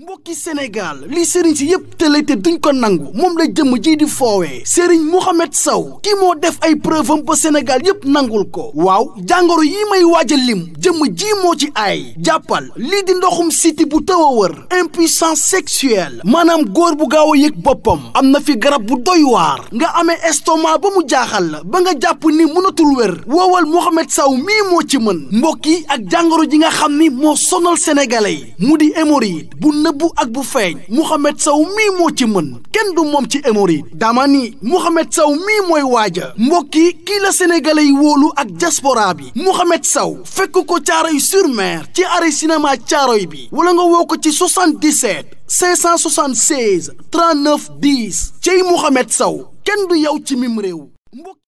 mbokki Senegal, li serigne ci yépp tële te duñ ko nangu mom la jëm ji di fowé serigne mohamed saw ki mo def ay preuve am ba senegal yépp nangul ko waw jangoro yi may waaj lim jëm ji mo ci ay jappal li di ndoxum city bu taw wër impuissance sexuelle manam gor bu gaaw yek bopam amna fi garab bu doy war nga amé estomac ba mu jaxal la ba nga japp ni mënatul wër wowal mohamed saw mi mo ci mën mbokki ak jangoro ji nga xamni mo sonal sénégalais mudi bu nëbbu ak bu feeñ Mouhamed saw mii moo ci mën kenn du moom ci hémorroïde dama ni Mouhamed saw mii mooy waaja mbokki yi kii la sénégalais yi wóolu ak diaspora bi Mouhamed saw fekk ko Caaroy sur mer ci arrêt cinéma Caaroy bi wala nga woo ko ci 77 576 39 10 cey Mouhamed Sow kenn du yow ci mim réew